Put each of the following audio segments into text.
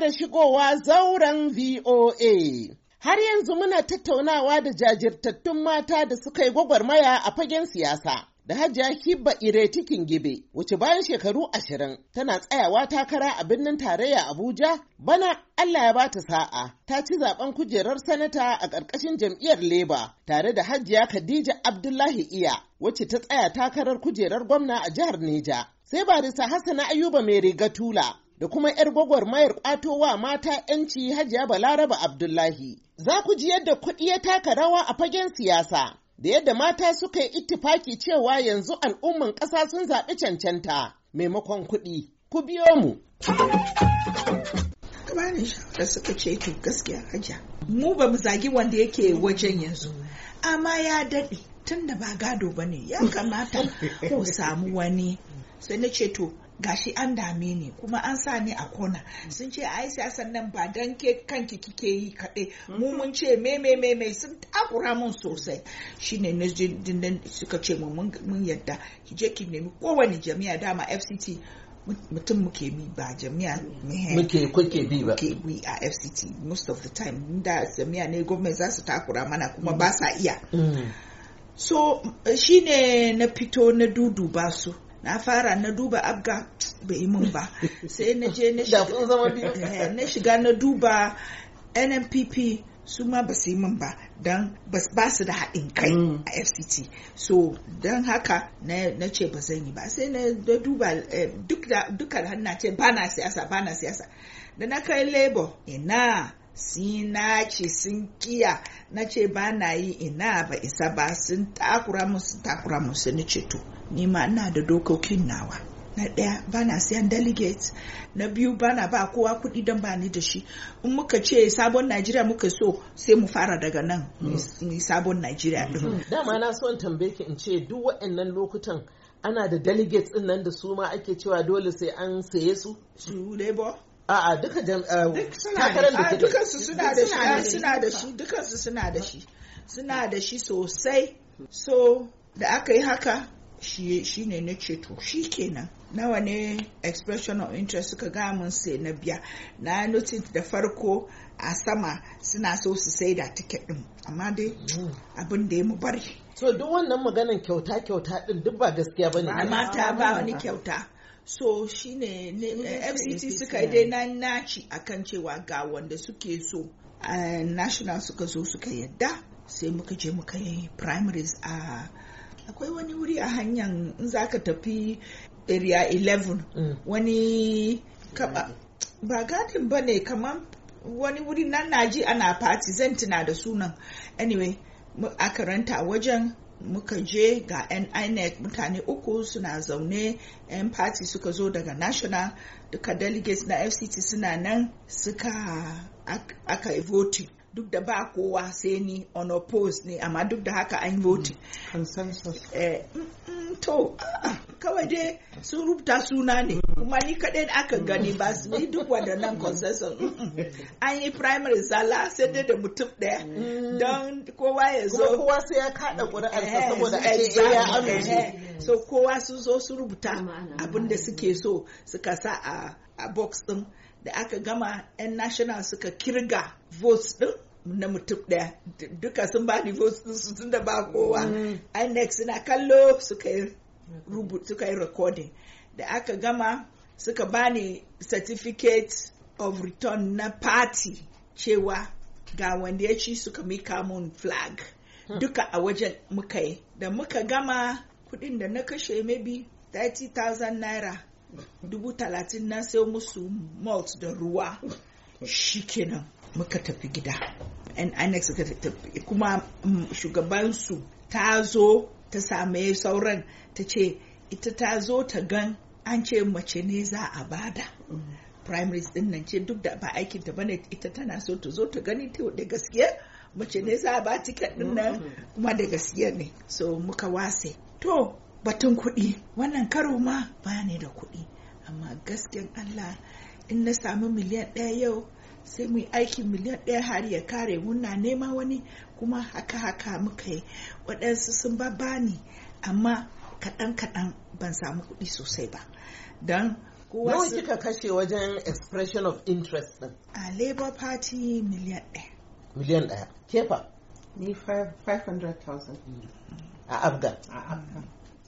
da shigowa zauren VOA. Har yanzu muna tattaunawa da jajirtattun mata da suka yi gwagwarmaya a fagen siyasa. Da Hajiya Hibba Iretikin Gibe, wace bayan shekaru ashirin tana tsayawa takara a birnin tarayya Abuja, bana Allah ya bata sa'a, ta ci zaben kujerar sanata a ƙarƙashin jam'iyyar Leba tare da Hajiya Khadija Abdullahi Iya, wacce ta tsaya takarar kujerar gwamna a jihar Neja. Sai barisa Hassana Ayuba mai riga tula da kuma 'yar gwagwarmayar ƙatowa mata 'yanci Hajiya Balaraba Abdullahi. Za ku ji yadda kuɗi ya taka rawa a fagen siyasa, da yadda mata suka yi ittifaki cewa yanzu al'umman ƙasa sun zaɓi cancanta maimakon kuɗi. Ku biyo mu. suka ce gaskiya Mu ba wanda yake wajen yanzu, amma ya daɗe tun da ba gado ba ne ya kamata ko samu wani. Sai na ce to gashi an dame ni kuma an sa ni a kona sun ce ai siyasan nan ba dan ke kanki kike yi kaɗai mu mhm. mun ce me me me me sun takura mun sosai shine na nan suka ce mu mun yadda ki je ki nemi kowane jami'a dama FCT mutum muke bi ba jami'a muke kuke bi ba bi a FCT most of the time da jami'a ne gwamnati za su takura mana kuma ba sa iya mm. Mm. so shine na fito na dudu ba su na fara na duba abga bai mun ba sai na je na eh, shiga na duba nnpp su ma ba su yi min ba don ba su da haɗin kai mm. a fct so don haka na ce ba zan yi ba sai na duba eh, duka da hannu ce ba na siyasa ba na siyasa da na kai labor ina sina ce sun kiya na ce ba na yi ina ba isa ba sun takura musu takura musu ni ce to ni ina da dokokin nawa na ɗaya ba na siyan delegate na biyu ba na ba kowa kuɗi don ba ni da shi in muka ce sabon najeriya muka so sai mu fara daga nan ni sabon najeriya ɗin mm-hmm. dama na son tambaye ki in ce duk waɗannan lokutan ana da delegates ɗin nan da su ma ake cewa dole sai an saye su su labor a'a duka uh, takarar da duka suna da shi suna da shi dukansu suna da shi suna da shi sosai so da aka yi haka shi ne na ceto shi kenan nawa ne expression of interest suka gamun sai na biya na notin da farko a sama suna so su sai da tiket din amma dai abin da ya mu bari so duk wannan maganan kyauta kyauta din duk ba gaskiya bane amma ta ba wani kyauta so shine fct eh, suka dai na naci akan cewa ga wanda suke so national suka zo suka yadda sai muka je muka yi primaries a akwai wani wuri a hanyar in za ka tafi area 11 mm. wani kaba ba gadin ba ne kamar wani wuri nan naji ana party zan tuna da sunan anyway aka ranta wajen muka je ga NINEC mutane uku suna zaune yan party suka zo daga national duka delegates na fct suna nan suka aka yi voting duk da ba kowa sai ni unopposed ne amma duk da haka an voting mm, consensus eh, mm, mm, to kawai dai sun rubuta suna ne kuma ni kaɗai da aka gani ba su yi duk waɗannan concession an yi primary sala sai dai da mutum ɗaya mm. don kowa ya zo kowa sai ya kaɗa eh, ƙuri'arsa eh, saboda ake eh, ya amince so kowa sun zo su rubuta abin da suke so suka sa a box ɗin da aka gama 'yan national suka kirga votes ɗin na mutum ɗaya duka sun ba ni votes ɗin su tunda da ba kowa mm. inec na kallo suka yi recording da aka gama suka bani certificate of return na party cewa ga wanda ya ci suka mika mun flag hmm. duka a wajen muka yi da muka gama kudin da na kashe maybe 30,000 naira dubu talatin na sai musu malt da ruwa shikenan muka tafi gida an annex suka tafi kuma mm, shugabansu ta zo ta same sauran ta ce ita ta zo ta gan an ce mace ne za a bada primaries din nan ce duk da ba aikin ta bane ita tana so ta zo ta gani ta da gaskiya mace ne za a ba tiket din nan kuma da gaskiya ne so muka wase to batun kuɗi wannan karo ma ba ne da kuɗi amma gaskiyan Allah in na samu miliyan ɗaya yau sai mu aikin miliyan ɗaya har ya kare muna nema wani kuma haka haka muka yi waɗansu sun ba bani amma kaɗan kaɗan ban samu kuɗi sosai ba don nawa kika kashe wajen expression of interest din a labour party miliyan ɗaya miliyan ɗaya kefa ni 500,000 a afghan a afghan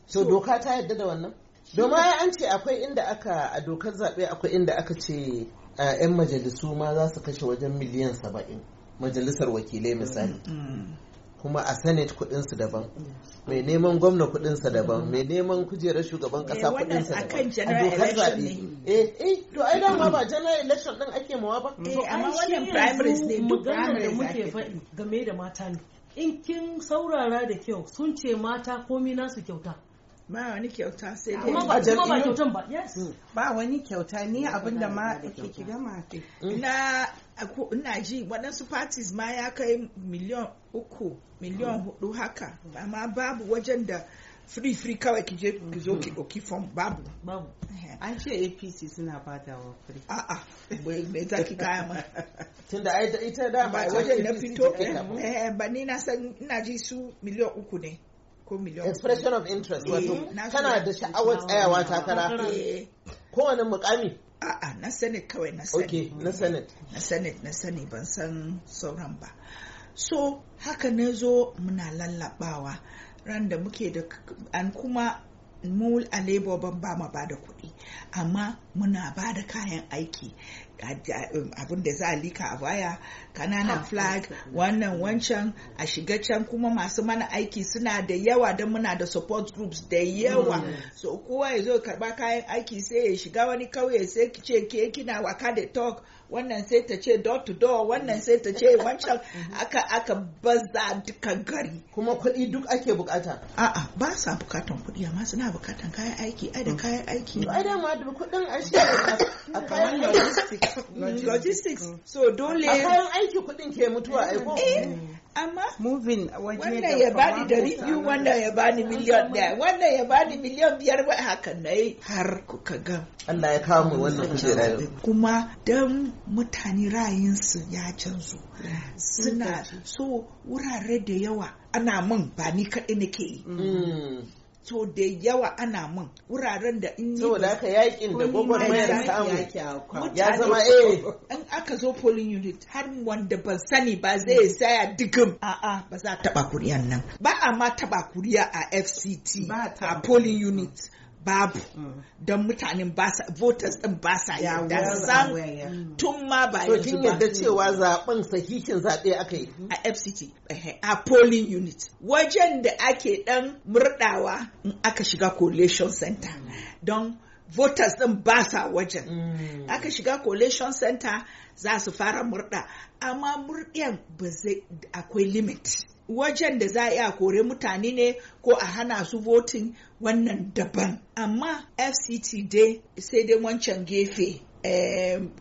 so doka ta yadda da wannan domin an ce akwai inda aka a dokar zaɓe akwai inda aka ce 'yan majalisu ma za su kashe wajen miliyan saba'in majalisar wakilai misali mm, mm. kuma a senate kudinsu daban mai neman gwamna kudinsa daban mm. mai neman kujerar shugaban kasa eh, kudinsa daban a dokar zaɓe eh eh to ai dama ba general election din ake mawa ba eh amma wannan primaries ne maganar da muke faɗi game da mata ne in kin saurara da kyau sun ce mata komi nasu kyauta ba wani kyauta sai dai kuma ba kyautan ba yes mm. ba wani kyauta ni abinda ma take kiga gama mm. na ina ji waɗansu parties ma ya kai miliyan uku Miliyon mm. hudu haka amma babu wajen da free free kawai ki je ki zo ki mm. ɗauki form babu babu eh. an ce apc suna bada wa free a'a me za ki kaya ma tunda ai da ita da ba wajen na fito eh ba ni na san ina ji su miliyon uku ne ko miliyon. expression of interest wato kana eh, da sha'awar tsayawa takara eh. kowane mukami a'a na senate kawai na senate na senate na senate na sani ban san sauran ba so haka na zo muna lallabawa ran da muke da an kuma mu a labor ban ba ma bada kuɗi amma muna ba da kayan aiki abin da za a lika a baya kananan ah, flag wannan wancan a shiga can kuma masu mana aiki suna da yawa don muna da support groups da yawa mm. so kowa ya zo karba kayan aiki sai ya shiga wani kauye sai ce ke kina waka da talk wannan sai ta ce door to door wannan sai ta ce wancan mm-hmm. aka aka baza duka gari kuma kuɗi duk ake bukata a'a ba sa bukatan kuɗi amma suna bukatan kayan aiki ai da mm. kayan aiki ai da ma kuɗin a shi a kayan logistics logistics so dole a kayan aiki kudin ke mutuwa aiko eh, amma moving wannan ya bani dari biyu wannan ya bani miliyan daya wannan ya bani miliyan biyar ba haka na yi har ka ga Allah ya kawo mu wannan kujera kuma dan mutane ra'ayinsu ya canzo suna so wurare da yawa ana mun ba ni kadai nake yi mm. so da yawa ana mun wuraren da in yi da aka yakin da mayar samu ya zama eh in aka zo polling unit har wanda ban sani ba zai saya digim a'a ba za a taba kuriyan nan ba a ma taba kuriya a fct a polling unit babu mm. don mutanen voters din ba sa yarda san tun ma ba yanzu ba. kin yarda cewa zaben sahihin zaɓe aka yi a FCT eh, a polling unit wajen da ake ɗan murɗawa in aka shiga collation center mm. don voters din ba sa wajen mm. aka shiga collation center za su fara murda amma murdiyan ba zai akwai limit wajen da za a iya kore mutane ne ko a hana su voting wannan daban amma fct dai sai dai wancan gefe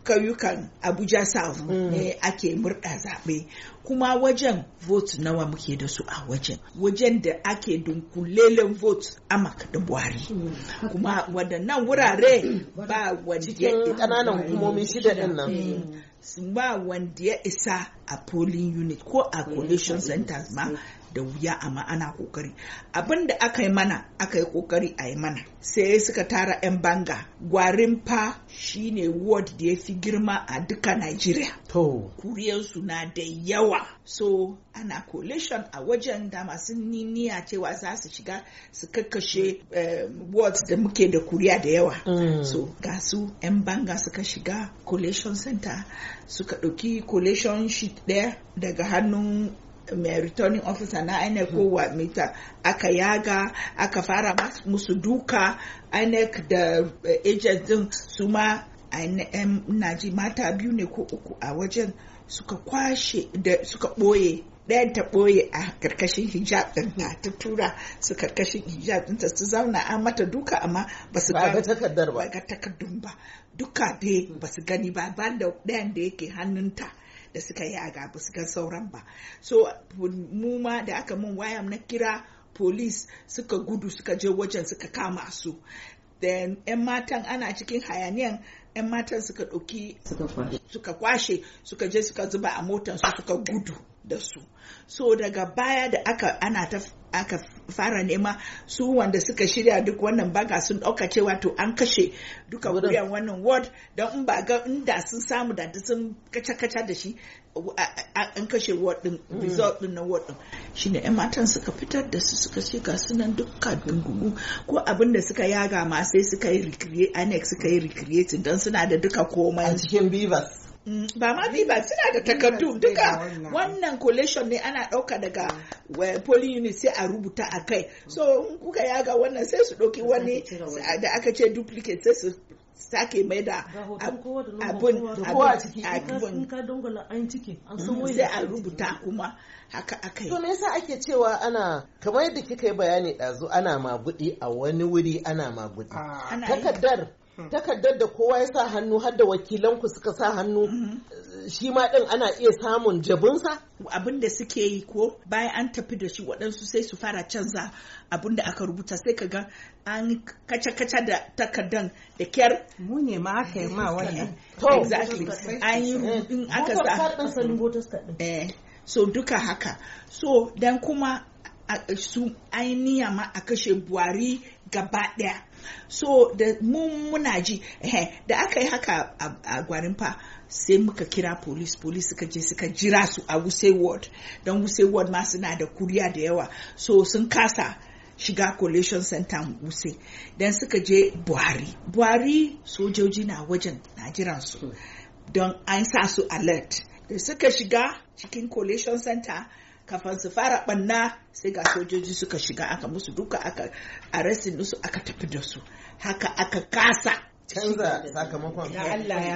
kayukan eh, abuja south mm. ne ake murɗa zaɓe kuma wajen vote nawa muke da su a wajen wajen da ake dunkulelen vote amak da buhari mm. kuma waɗannan wurare ba wanda ƙananan hukumomin shida din nan mm. ba wanda ya isa a polling unit ko a coalition centers ma da wuya amma ana kokari abin da aka yi mana aka yi kokari a yi mana sai suka tara 'yan banga gwarin fa shine ward da ya fi girma a duka nigeria to kuriyarsu na da yawa so ana coalition a wajen da masu niniya cewa za su shiga su kakkashe eh, wards da muke da kuriya da yawa mm. so ga su 'yan banga suka shiga collation center suka ɗauki collation sheet ɗaya daga hannun mai returning officer na INEC ko mita aka yaga aka fara musu duka INEC da eh, agent din su ma na ji mata biyu ne ko uku a wajen suka kwashe da suka ɓoye ɗayan ta ɓoye a karkashin hijab na ta tura su karkashin hijab ta su zauna an mata duka amma ba su ga takardar ba ga takardun ba duka dai ba su gani ba ban da ɗayan da yake hannunta da suka yi a ga su gan sauran ba so mu ma da aka mun waya na kira police suka gudu suka je wajen suka kama su then 'yan matan ana cikin hayaniyan 'yan matan suka ɗauki suka kwashe suka je suka zuba a motansu suka gudu da su so daga baya da aka ana ta aka fara nema su wanda suka shirya duk wannan baga sun ɗauka cewa to an kashe duka wuyan wannan ward don in ba ga inda sun samu da sun kaca-kaca da shi an kashe ward din mm. result din na ward din shine ɗan matan suka fitar da su suka ce ga sunan duka dungugu ko abin da suka yaga ma sai suka yi recreate annex suka yi recreate don suna da duka komai a cikin beavers ba ma ba suna da takardu duka wannan collation ne ana ɗauka daga mm. eh, poly unit sai a rubuta a kai so in kuka yaga wannan sai su ɗauki wani da aka ce duplicate sai su sake mai da abin a ciki mm, sai a rubuta kuma haka akai to me yasa ake cewa ana kamar yadda kika yi bayani ɗazu ana magudi a wani wuri ana magudi takardar takardar da kowa ya sa hannu har da wakilanku suka sa hannu shi ma din ana iya samun jabinsa abin da suke yi ko bayan an tafi da shi waɗansu sai su fara canza abin da aka rubuta sai ka ga an kaca-kaca da takardan da kyar mu ne ma aka yi ma wannan exactly an yi in aka sa eh, so duka haka so dan kuma su ainiya ma a kashe buhari gaba daya so da mun muna ji eh, da aka yi haka a gwarin fa sai muka kira police police suka je suka jira su a wuse ward don wuse ward ma suna da kuriya da yawa so sun kasa shiga collation center wuse don suka je buhari buhari sojoji na wajen na jiran su hmm. don an sa su alert da suka shiga cikin collation center Kafan su fara banna sai ga sojoji suka shiga aka musu duka aka arrestin musu aka tafi da su haka aka kasa canza sakamakon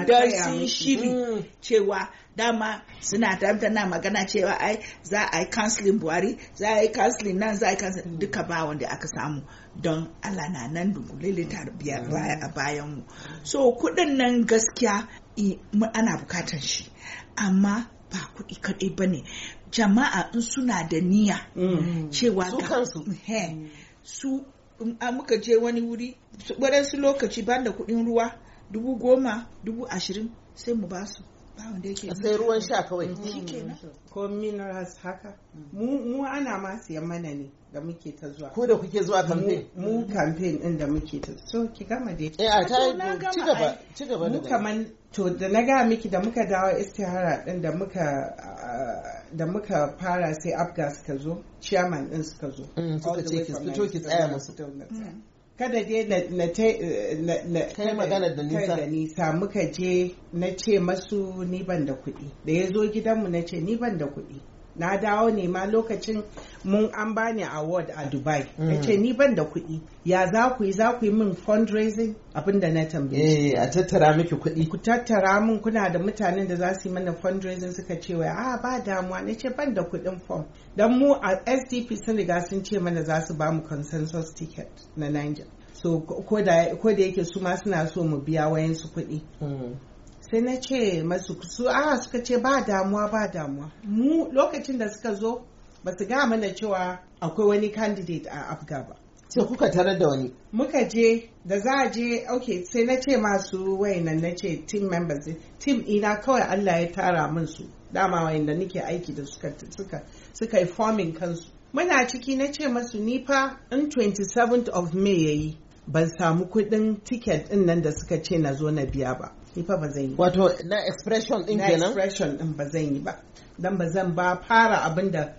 don sun shiri hmm. cewa dama suna na magana cewa ai za a yi kansilin buhari za a yi kansilin nan za a yi kansilin duka ba wanda aka samu don allah na nan dungulele biyar a bayan mu so kudin nan gaskiya ana bukatar shi amma ba kuɗi kaɗai bane. jama'a in suna da niyya mm. cewa su kansu mm. su muka je wani wuri su lokaci ban da kuɗin ruwa dubu goma dubu ashirin sai mu ba su sai ruwan sha kawai mm. ko minerals haka mu ana ma siyan mana ne da muke ta zuwa ko da kuke zuwa campaign mu campaign din da muke ta so ki gama dai eh a ta ci gaba ci gaba da kaman to da na ga miki da muka dawo istihara din da muka da muka fara sai afga suka zo chairman din suka zo mm, suka ce ki fito ki tsaya musu mm. kada dai na kai magana da nisa da nisa muka je na ce masu ni ban da kuɗi da ya zo gidanmu na ce ni ban da kuɗi na dawo ne ma lokacin mun an bani award a dubai ya mm. ce ni ban da kuɗi ya za ku yi za ku yi min fundraising abinda na tambaye eh a tattara miki kuɗi ku tattara min kuna da mutanen da za su yi mana fundraising suka ce wai a ah, ba damuwa na ce ban da kuɗin form dan mu a sdp sun riga sun ce mana za su ba mu consensus ticket na niger so ko da yake su ma suna so mu biya wayansu kuɗi mm. sai na ce masu su a suka ce ba damuwa ba damuwa mu lokacin da suka zo ba su ga mana cewa akwai wani candidate a afga ba sai kuka tare da wani muka je da za a je ok sai na ce masu wayannan na ce team members team ina kawai allah ya tara min su dama wayanda nake aiki da suka suka suka yi forming kansu muna ciki na ce masu nifa in 27th of may yayi ban samu kudin ticket din nan da suka ce na zo na biya ba ba zan yi wato na expression din kenan na expression din ba zan yi ba dan ba zan ba fara abin da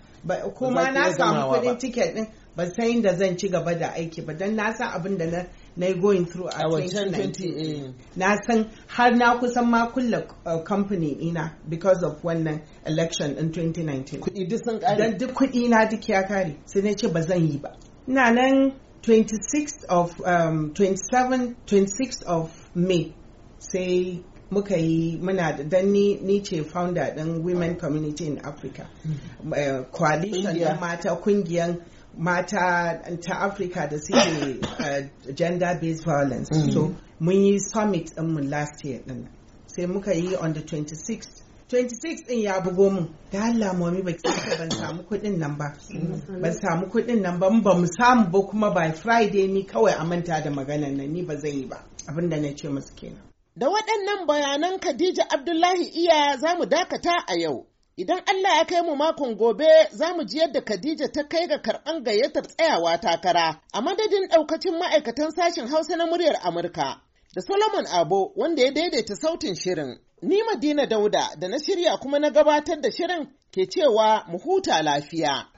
kuma na samu kudin ticket din ba sai da zan ci gaba da aiki ba dan na san abin da na na going through a 2019 eh. na san har na kusan ma kulle eh, company ina because of wannan election in 2019 kudi duk sun kare dan duk kudi na duk ya kare sai na ce ba zan yi ba ina nan 26th of um, 27 26 of May sai muka yi muna da dan ni, ce founder din women community in africa mm-hmm. eh, coalition mata kungiyan mata ta africa da suke eh, gender based violence mm-hmm. so mun yi summit mu last year din sai muka yi on the 26th 26 din ya bugo mun da Allah mami ba kika ban samu kuɗin nan ba mm-hmm. ban samu kuɗin nan ba ba mu samu ba kuma by friday ni kawai a manta da maganar nan ni ba zan yi ba abinda na ce musu kenan Da waɗannan bayanan Khadija Abdullahi iya za mu dakata a yau. Idan Allah ya kai mu makon gobe za mu ji yadda Khadija ta kai ga karɓan gayyatar tsayawa takara a madadin ɗaukacin ma'aikatan sashen Hausa na muryar Amurka. Da Solomon Abo wanda ya daidaita sautin shirin. Ni Madina Dauda da na shirya kuma na gabatar da shirin ke cewa mu huta lafiya.